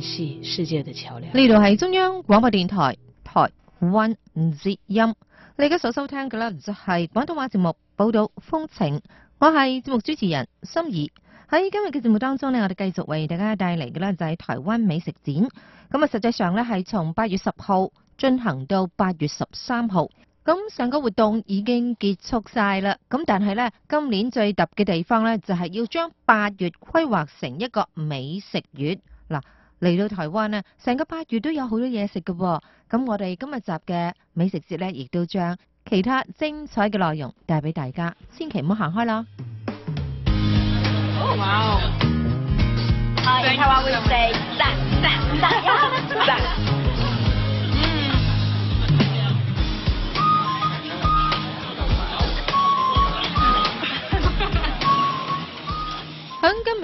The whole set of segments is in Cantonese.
係世界的橋梁呢度係中央廣播電台台灣之音，你而家所收聽嘅咧就係廣東話節目《報導風情》，我係節目主持人心怡心儀。喺今日嘅節目當中呢，我哋繼續為大家帶嚟嘅咧就係台灣美食展。咁啊，實際上呢，係從八月十號進行到八月十三號。咁上個活動已經結束晒啦。咁但係呢，今年最特別嘅地方呢，就係要將八月規劃成一個美食月嗱。嚟到台灣啊，成個八月都有好多嘢食嘅，咁我哋今日集嘅美食節咧，亦都將其他精彩嘅內容帶俾大家，千祈唔好行開啦。哇啊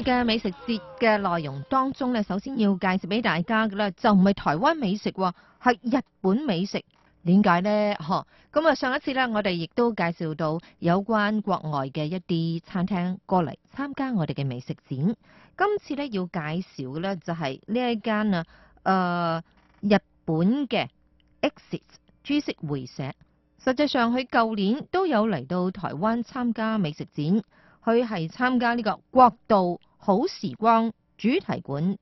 嘅美食節嘅內容當中咧，首先要介紹俾大家嘅咧，就唔係台灣美食，係日本美食。點解呢？嗬，咁啊，上一次咧，我哋亦都介紹到有關國外嘅一啲餐廳過嚟參加我哋嘅美食展。今次咧要介紹嘅咧，就係呢一間啊，誒日本嘅 Exit 株式會社。實際上佢舊年都有嚟到台灣參加美食展，佢係參加呢個國度。好時光主題館，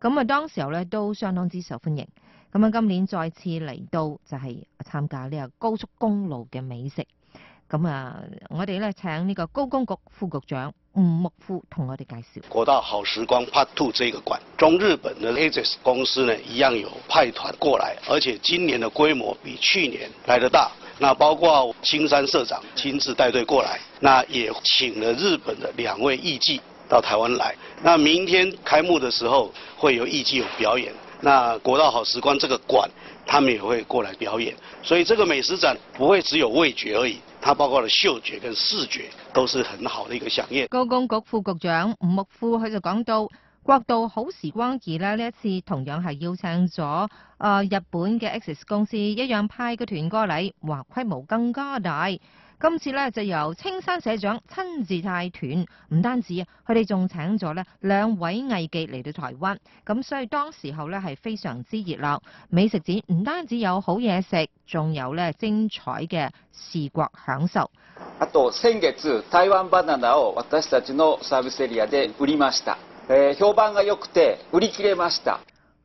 咁啊當時候咧都相當之受歡迎。咁啊，今年再次嚟到就係參加呢個高速公路嘅美食。咁啊，我哋咧請呢個高工局副局長吳木夫同我哋介紹。國道好時光 Part Two，這一個館，中日本的 Lexus 公司呢一樣有派團過來，而且今年的規模比去年來得大。那包括青山社長親自帶隊過來，那也請了日本的兩位藝伎。到台灣來，那明天開幕的時候會有藝伎表演，那國道好時光這個館，他們也會過來表演，所以這個美食展不會只有味覺而已，它包括了嗅覺跟視覺都是很好的一個饗宴。高公局副局長吳木富佢就講到，國道好時光二咧呢一次同樣係邀請咗、呃、日本嘅 x s 公司一樣派個團過嚟，話規模更加大。今次咧就由青山社長親自帶團，唔單止啊，佢哋仲請咗咧兩位藝妓嚟到台灣，咁所以當時候咧係非常之熱鬧。美食展唔單止有好嘢食，仲有咧精彩嘅視覺享受。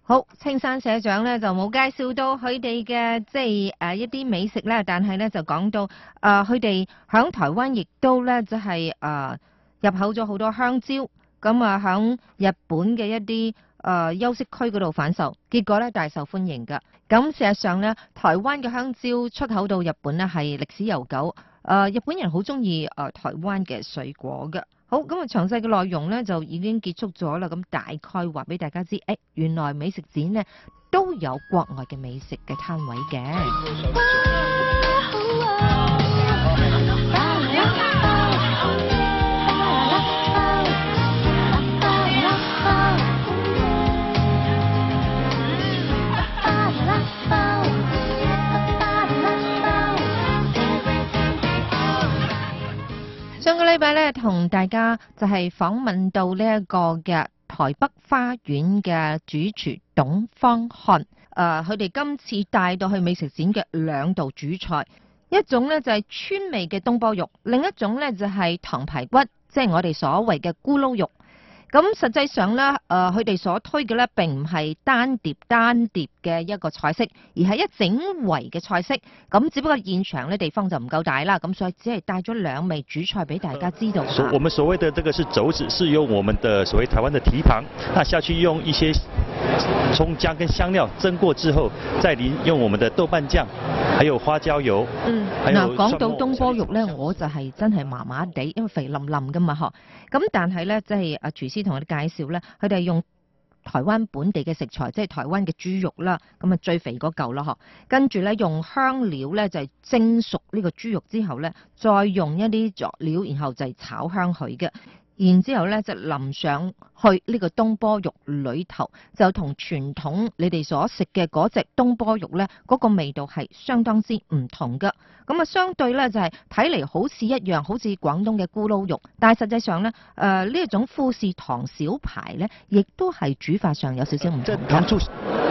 好，青山社長咧就冇介紹到佢哋嘅即係誒一啲美食咧，但係咧就講到誒佢哋喺台灣亦都咧就係、是、誒、啊、入口咗好多香蕉，咁啊喺日本嘅一啲誒、啊、休息區嗰度販售，結果咧大受歡迎㗎。咁事實上咧，台灣嘅香蕉出口到日本咧係歷史悠久，誒、啊、日本人好中意誒台灣嘅水果㗎。好，咁啊！詳細嘅內容咧就已經結束咗啦。咁大概話俾大家知，誒、欸、原來美食展咧都有國外嘅美食嘅攤位嘅。呢禮拜咧同大家就係訪問到呢一個嘅台北花園嘅主廚董方漢。誒，佢哋今次帶到去美食展嘅兩道主菜，一種咧就係川味嘅東坡肉，另一種咧就係糖排骨，即係我哋所謂嘅咕嚕肉。咁實際上咧，誒佢哋所推嘅咧並唔係單碟單碟嘅一個菜式，而係一整圍嘅菜式。咁只不過現場咧地方就唔夠大啦，咁所以只係帶咗兩味主菜俾大家知道、呃。所，我們所謂的這個是肘子，是用我們的所謂台灣的蹄膀，那、啊、下去用一些。葱姜跟香料蒸過之後，再淋用我們的豆瓣醬，還有花椒油。嗯，嗱，講到東坡肉呢，我就係真係麻麻地，因為肥冧冧噶嘛，嗬。咁但係呢，即係阿廚師同我哋介紹呢，佢哋係用台灣本地嘅食材，即係台灣嘅豬肉啦，咁啊最肥嗰嚿咯，嗬。跟住呢，用香料呢，就係蒸熟呢個豬肉之後呢，再用一啲作料，然後就係炒香佢嘅。然之後咧，就淋上去呢個東坡肉裏頭，就同傳統你哋所食嘅隻東坡肉咧，嗰個味道係相當之唔同㗎。咁啊，相對咧，就係睇嚟好似一樣好似廣東嘅咕嚕肉，但係實際上咧，誒呢一種富士糖小排咧，亦都係煮法上有少少唔同。糖醋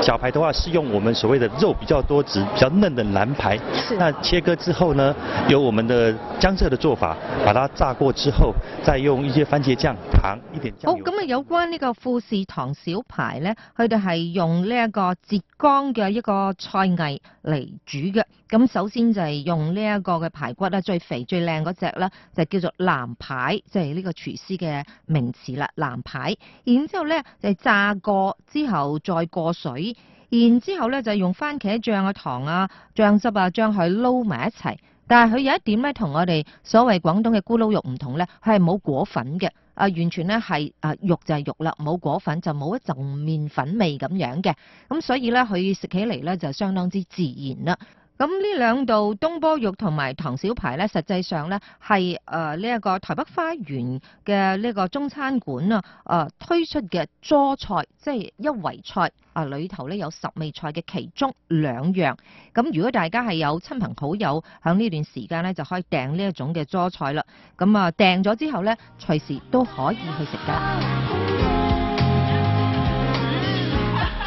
小排的話是用我們所謂的肉比較多汁比較嫩的腩排的，那切割之後呢，有我們的江浙的做法，把它炸過之後再用一些番茄醬、糖一點。好，咁啊，有關呢個富士糖小排咧，佢哋係用呢一個浙江嘅一個菜藝嚟煮嘅。咁首先就係用呢一個嘅排骨咧，最肥最靚嗰隻咧，就叫做腩排，即係呢個廚師嘅名詞啦，腩排。然之後咧，就炸過之後再過水，然之後咧就用番茄醬啊、糖啊、醬汁啊將佢撈埋一齊。但係佢有一點咧，同我哋所謂的廣東嘅咕嚕肉唔同咧，佢係冇裹粉嘅，啊完全咧係啊肉就係肉啦，冇裹粉就冇一陣麵粉味咁樣嘅，咁所以咧佢食起嚟咧就相當之自然啦。咁呢兩道東坡肉同埋糖小排咧，實際上咧係誒呢一個台北花園嘅呢個中餐館啊誒推出嘅桌菜，即係一圍菜啊，裏頭咧有十味菜嘅其中兩樣。咁如果大家係有親朋好友喺呢段時間咧，就可以訂呢一種嘅桌菜啦。咁啊訂咗之後咧，隨時都可以去食㗎。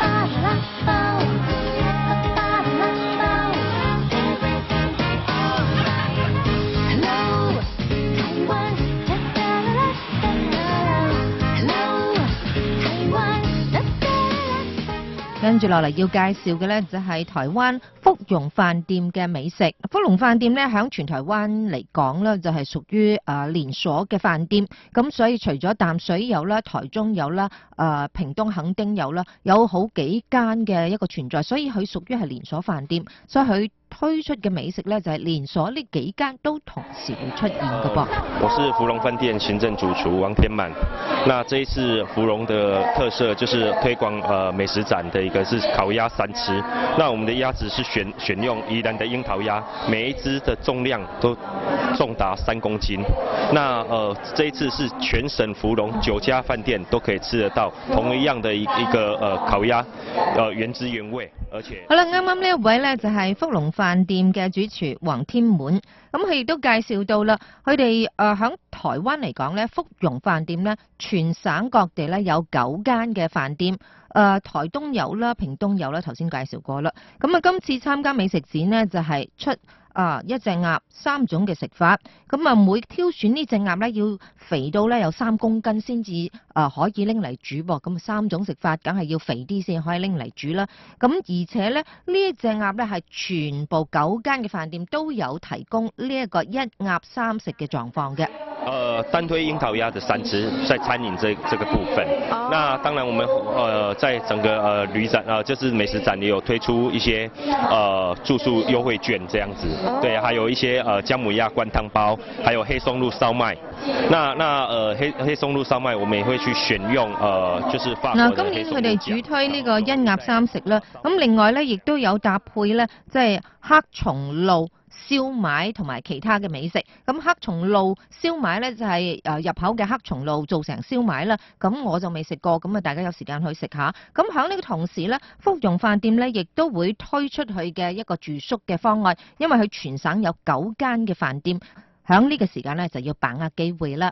啊啊啊跟住落嚟要介紹嘅呢就係台灣福容飯店嘅美食。福容飯店呢，喺全台灣嚟講呢就係屬於誒連鎖嘅飯店。咁所以除咗淡水有啦，台中有啦，誒屏東墾丁有啦，有好幾間嘅一個存在，所以佢屬於係連鎖飯店，所以佢推出嘅美食呢就係連鎖呢幾間都同時會出現的噃。我是芙蓉飯店行政主廚王天滿。那這一次芙蓉的特色就是推廣呃美食展的一個是烤鴨三吃。那我們的鴨子是選選用宜蘭的櫻桃鴨，每一隻的重量都重達三公斤。那呃，這一次是全省芙蓉九家飯店都可以吃得到同一樣的一一個呃烤鴨。呃原汁原味，而且。好了，啱啱呢一位呢就係福龍。飯店嘅主廚黃天滿，咁佢亦都介紹到啦，佢哋誒響台灣嚟講咧，福容飯店咧，全省各地咧有九間嘅飯店，誒，台東有啦，屏東有啦，頭先介紹過啦，咁啊今次參加美食展咧就係出，啊！一隻鴨三種嘅食法，咁啊，每挑選呢隻鴨咧，要肥到咧有三公斤先至啊，可以拎嚟煮噃。咁三種食法，梗係要肥啲先可以拎嚟煮啦。咁而且咧，呢一隻鴨咧係全部九間嘅飯店都有提供呢一個一鴨三食嘅狀況嘅。單推櫻桃鴨的三食，在餐飲這這個部分。那當然，我們呃在整個呃旅展啊，就是美食展，也有推出一些呃住宿優惠券。這樣子。對，還有一些呃薑母鴨灌湯包，還有黑松露燒麥。那那呃黑黑松露燒麥，我們也會去選用呃就是。嗱，今年佢哋主推呢個一鴨三食啦。咁另外呢，亦都有搭配呢，即係黑松露。燒賣同埋其他嘅美食，咁黑松露燒賣呢，就係誒入口嘅黑松露做成燒賣啦，咁我就未食過，咁啊大家有時間去食下。咁喺呢個同時呢，福容飯店呢亦都會推出佢嘅一個住宿嘅方案，因為佢全省有九間嘅飯店，喺呢個時間呢，就要把握機會啦。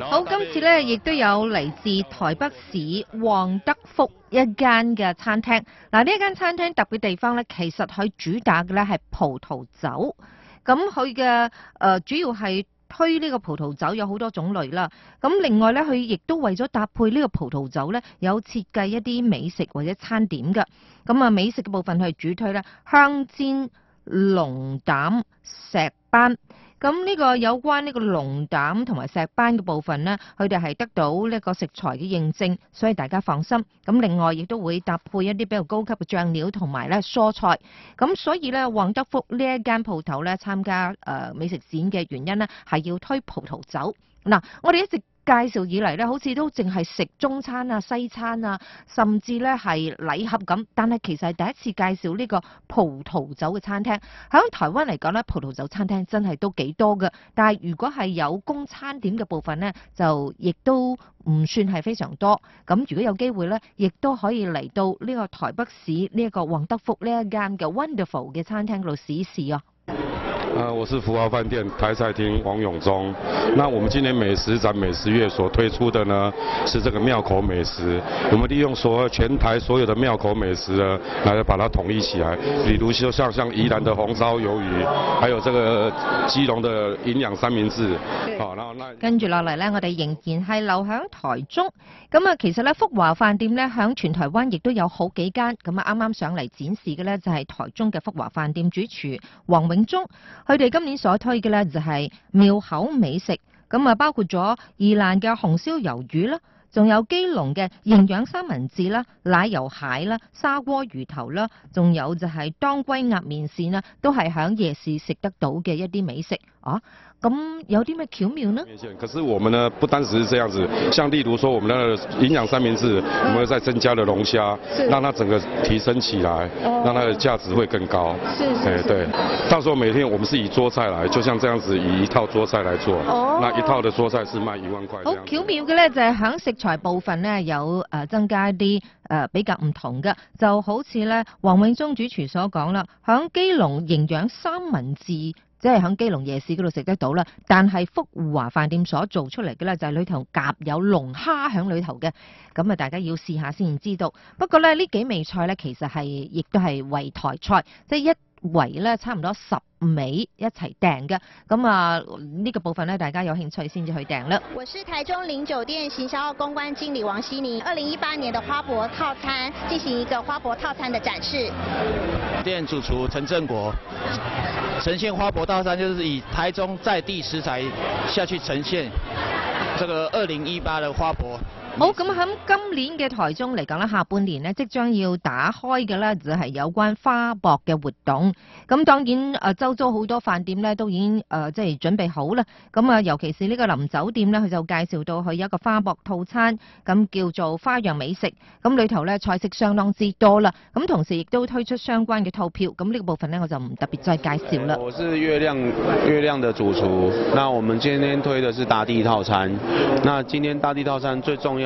好，今次咧亦都有嚟自台北市旺德福一間嘅餐廳。嗱，呢一間餐廳特別地方咧，其實佢主打嘅咧係葡萄酒。咁佢嘅誒主要係推呢個葡萄酒有好多種類啦。咁另外咧，佢亦都為咗搭配呢個葡萄酒咧，有設計一啲美食或者餐點嘅。咁啊，美食嘅部分佢係主推咧，香煎龍膽石斑。咁呢個有關呢個龍膽同埋石斑嘅部分咧，佢哋係得到呢一個食材嘅認證，所以大家放心。咁另外亦都會搭配一啲比較高級嘅醬料同埋咧蔬菜。咁所以咧，黃德福呢一間鋪頭咧參加誒美食展嘅原因咧，係要推葡萄酒。嗱，我哋一直。介紹以嚟咧，好似都淨係食中餐啊、西餐啊，甚至咧係禮盒咁。但係其實係第一次介紹呢個葡萄酒嘅餐廳。喺台灣嚟講咧，葡萄酒餐廳真係都幾多㗎。但係如果係有供餐點嘅部分咧，就亦都唔算係非常多。咁如果有機會咧，亦都可以嚟到呢個台北市呢一、這個旺德福呢一間嘅 Wonderful 嘅餐廳度試試啊！啊，我是福華飯店台菜廳黃永忠。那我們今年美食展美食月所推出的呢，是這個廟口美食。我們利用所有全台所有的廟口美食啊，來把它統一起來。比如，就像像宜蘭的紅燒魷魚，還有這個基隆的營養三明治。好，啊、然後那跟住落嚟呢，我哋仍然係留響台中。咁啊，其實呢，福華飯店呢，響全台灣亦都有好幾間。咁啊，啱啱上嚟展示嘅呢，就係台中嘅福華飯店主廚黃永忠。佢哋今年所推嘅呢，就係廟口美食，咁啊，包括咗宜蘭嘅紅燒魷魚啦，仲有基隆嘅營養三文治啦、奶油蟹啦、砂鍋魚頭啦，仲有就係當歸鴨麵線啦，都係喺夜市食得到嘅一啲美食啊！咁、嗯、有啲咩巧妙呢？可是我們呢不單止是這樣子，像例如說我們的營養三明治，我們再增加了龍蝦，讓它整個提升起來，讓它的價值會更高。係，對對，到時候每天我們是以桌菜來，就像這樣子以一套桌菜來做，哦、那一套的桌菜是賣一萬塊。好巧妙嘅呢，就係、是、響食材部分呢，有增加一啲、呃、比較唔同嘅，就好似呢，黃永忠主廚所講啦，響基隆營養三文治。都係響基隆夜市嗰度食得到啦，但係福華飯店所做出嚟嘅咧，就係裏頭夾有龍蝦響裏頭嘅，咁啊大家要試下先知道。不過咧呢幾味菜咧其實係亦都係圍台菜，即係一。圍呢差唔多十米一齊訂嘅，咁啊呢個部分呢，大家有興趣先至去訂啦。我是台中林酒店行銷公關經理王希寧，二零一八年的花博套餐進行一個花博套餐的展示。店主廚陳正國呈現花博套餐，就是以台中在地食材下去呈現這個二零一八的花博。好咁喺今年嘅台中嚟講咧，下半年呢，即將要打開嘅呢，就係有關花博嘅活動。咁當然啊，周遭好多飯店呢，都已經誒即係準備好啦。咁啊，尤其是呢個林酒店呢，佢就介紹到佢有一個花博套餐，咁叫做花漾美食。咁裏頭呢，菜式相當之多啦。咁同時亦都推出相關嘅套票。咁呢個部分呢，我就唔特別再介紹啦。我是月亮月亮的主廚。那我們今天推的是大地套餐。那今天大地套餐最重要。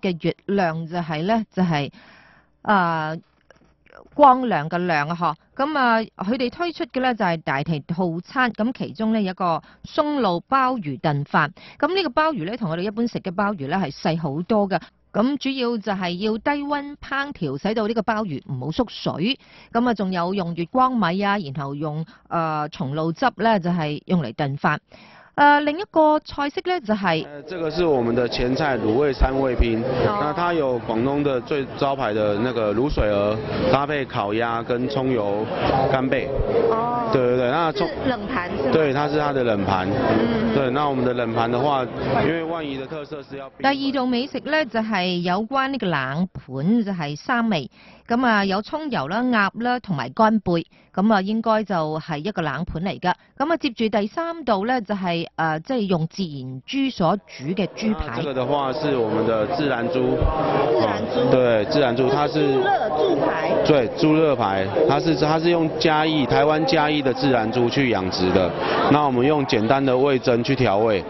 嘅月亮就係、是、咧，就係、是、啊、呃、光亮嘅亮嗬。咁啊，佢哋推出嘅咧就係大碟套餐。咁其中咧有一個松露鮑魚燉飯。咁呢個鮑魚咧，同我哋一般食嘅鮑魚咧係細好多嘅。咁主要就係要低溫烹調，使到呢個鮑魚唔好縮水。咁啊，仲有用月光米啊，然後用啊、呃、松露汁咧，就係用嚟燉飯。呃、另一個菜式呢，就係、是，誒、呃、這個是我們的前菜，滷味三味拼，哦、那它有廣東的最招牌的那個滷水鵝，搭配烤鴨跟葱油干貝。哦，對對對，那葱冷盤是，對，它是它的冷盤。嗯對，那我們的冷盤的話、嗯，因為萬宜的特色是要，第二道美食呢，就係、是、有關呢個冷盤就係、是、三味，咁啊有葱油啦、鴨啦同埋干貝，咁啊應該就係一個冷盤嚟㗎。咁啊接住第三道呢，就係、是。呃，即係用自然豬所煮嘅豬排。這個的話是我們的自然豬，自然豬，嗯，對，自然豬，它是豬熱豬排，對，豬肋排，它是它是用嘉義台灣嘉義的自然豬去養殖的，那我們用簡單的味噌去調味。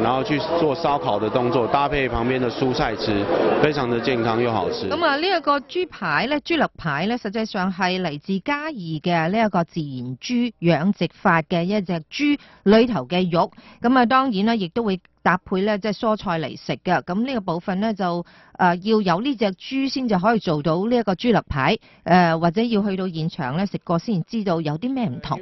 然後去做燒烤的動作，搭配旁邊的蔬菜吃，非常的健康又好吃。咁啊，呢一個豬排咧，豬肋排咧，實際上係嚟自嘉義嘅呢一個自然豬養殖法嘅一隻豬裏頭嘅肉。咁啊，當然啦，亦都會。搭配呢即係蔬菜嚟食嘅，咁呢個部分呢就誒、呃、要有呢隻豬先至可以做到呢一個豬肋排，誒、呃、或者要去到現場呢食過先知道有啲咩唔同。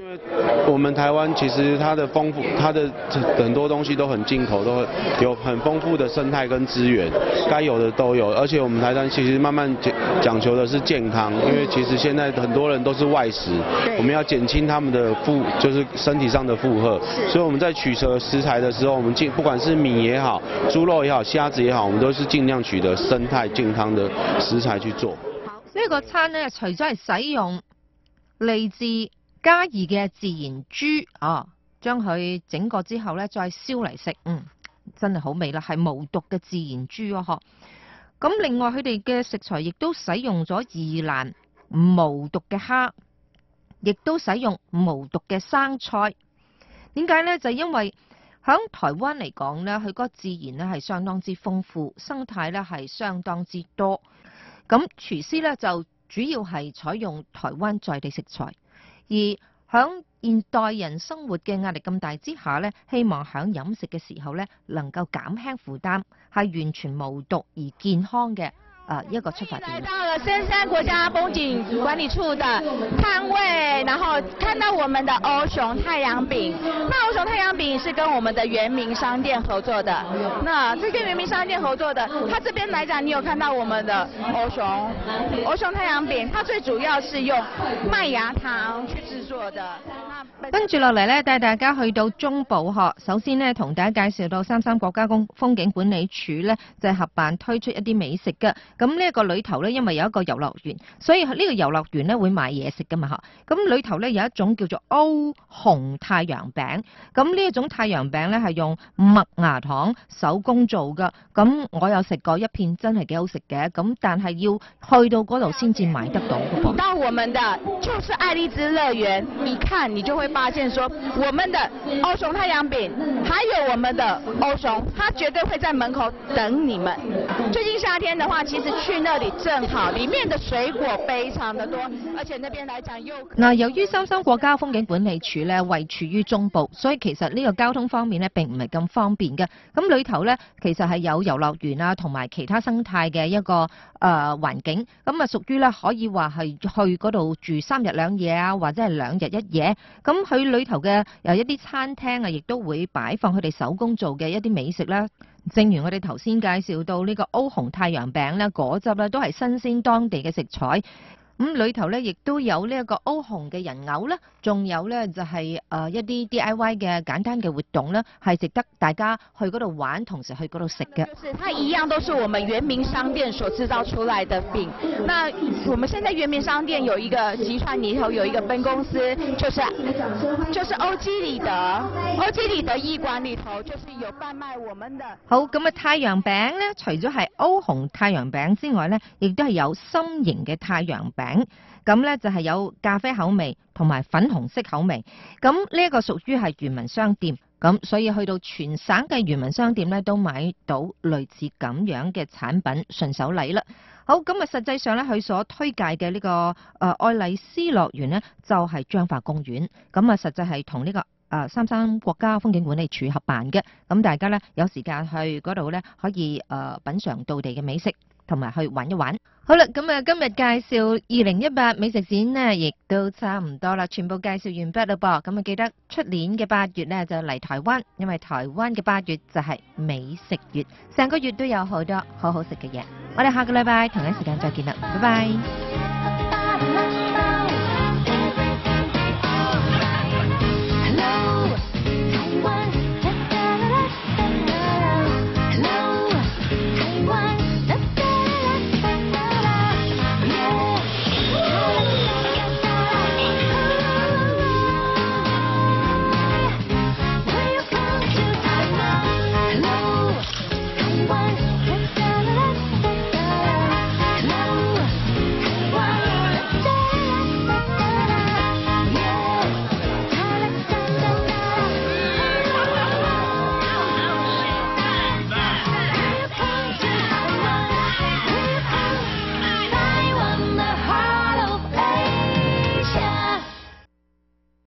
我們台灣其實它的豐富，它的很多東西都很進口，都很有很豐富的生態跟資源，該有的都有。而且我們台灣其實慢慢講講求的是健康，因為其實現在很多人都是外食，我們要減輕他們的負，就是身體上的負荷。所以我們在取捨食材的時候，我們既不管是米也好，豬肉也好，蝦子也好，我們都是盡量取得生態健康的食材去做。呢、這個餐呢，除咗係使用嚟自嘉義嘅自然豬啊，將佢整過之後呢，再燒嚟食，嗯，真係好味啦，係無毒嘅自然豬哦嗬。咁另外佢哋嘅食材亦都使用咗宜蘭無毒嘅蝦，亦都使用無毒嘅生菜。點解呢？就因為喺台灣嚟講咧，佢個自然咧係相當之豐富，生態咧係相當之多。咁廚師咧就主要係採用台灣在地食材，而喺現代人生活嘅壓力咁大之下咧，希望喺飲食嘅時候咧能夠減輕負擔，係完全無毒而健康嘅。啊，一個出發點來到了深山國家風景管理處的攤位，然後看到我們的歐熊太陽餅。那歐熊太陽餅是跟我們的原民商店合作的。那跟原民商店合作的，它這邊來講，你有看到我們的歐熊，歐熊太陽餅，它最主要是用麥芽糖去製作的。跟住落嚟呢，帶大家去到中部。首先呢，同大家介紹到三山國家公風景管理處呢，就係、是、合辦推出一啲美食嘅。咁呢一個裏頭咧，因為有一個遊樂園，所以呢個遊樂園咧會賣嘢食噶嘛吓，咁裏頭咧有一種叫做歐熊太陽餅，咁呢一種太陽餅咧係用麥芽糖手工做噶。咁我有食過一片真的吃的，真係幾好食嘅。咁但係要去到度先至買得到。到我們的就是愛麗絲樂園，你看你就會發現說我們的歐熊太陽餅，還有我們的歐熊，他絕對會在門口等你們。最近夏天的話，其實。嗱，由於三山國家風景管理處咧位處於中部，所以其實呢個交通方面咧並唔係咁方便嘅。咁裏頭咧其實係有遊樂園啊，同埋其他生態嘅一個誒環、呃、境。咁啊屬於咧可以話係去嗰度住三日兩夜啊，或者係兩日一夜。咁佢裏頭嘅有一啲餐廳啊，亦都會擺放佢哋手工做嘅一啲美食啦。正如我哋頭先介紹到呢個歐紅太陽餅咧，果汁咧都係新鮮當地嘅食材，咁裏頭咧亦都有呢一個歐紅嘅人偶啦。仲有呢，就係誒一啲 DIY 嘅簡單嘅活動呢，係值得大家去嗰度玩，同時去嗰度食嘅。它一樣都是我們元明商店所製造出來的餅。那我們現在元明商店有一個集團裏頭有一個分公司，就是就是歐基里德歐基里德醫館裏頭，就是有販賣我們的。好，咁啊，太陽餅呢，除咗係歐紅太陽餅之外呢，亦都係有心型嘅太陽餅。咁咧就係有咖啡口味同埋粉紅色口味，咁呢一個屬於係漁民商店，咁所以去到全省嘅漁民商店咧都買到類似咁樣嘅產品順手禮啦。好，咁啊實際上咧佢所推介嘅、這個呃、呢個誒愛麗絲樂園咧就係、是、彰化公園，咁啊實際係同呢個誒、呃、三山國家風景管理處合辦嘅，咁大家咧有時間去嗰度咧可以、呃、品嘗到地嘅美食。同埋去玩一玩。好啦，咁啊今日介紹二零一八美食展呢，亦都差唔多啦，全部介紹完畢啦噃。咁啊，記得出年嘅八月呢就嚟台灣，因為台灣嘅八月就係美食月，成個月都有好多好好食嘅嘢。我哋下個禮拜同一時間再見啦，拜拜。